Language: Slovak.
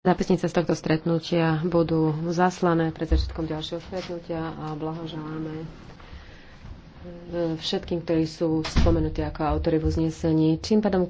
Zápisnice z tohto stretnutia budú zaslané pred začiatkom ďalšieho stretnutia a blahoželáme e, všetkým, ktorí sú spomenutí ako autory v uznesení. Čím pádom